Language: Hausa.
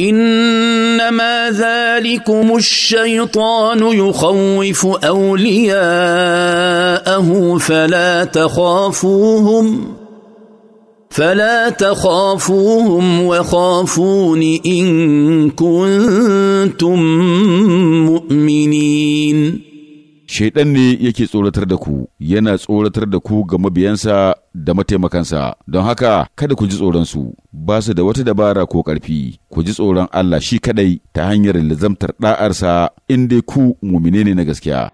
انما ذلكم الشيطان يخوف اولياءه فلا تخافوهم فلا تخافوهم وخافون ان كنتم مؤمنين Shaiɗan ne yake tsoratar da ku, yana tsoratar da ku ga mabiyansa da mataimakansa, don haka kada ku ji tsoronsu, ba su da wata dabara ko ƙarfi, ku ji tsoron Allah shi kaɗai ta hanyar lazamtar ɗa'arsa in ku mumine ne na gaskiya.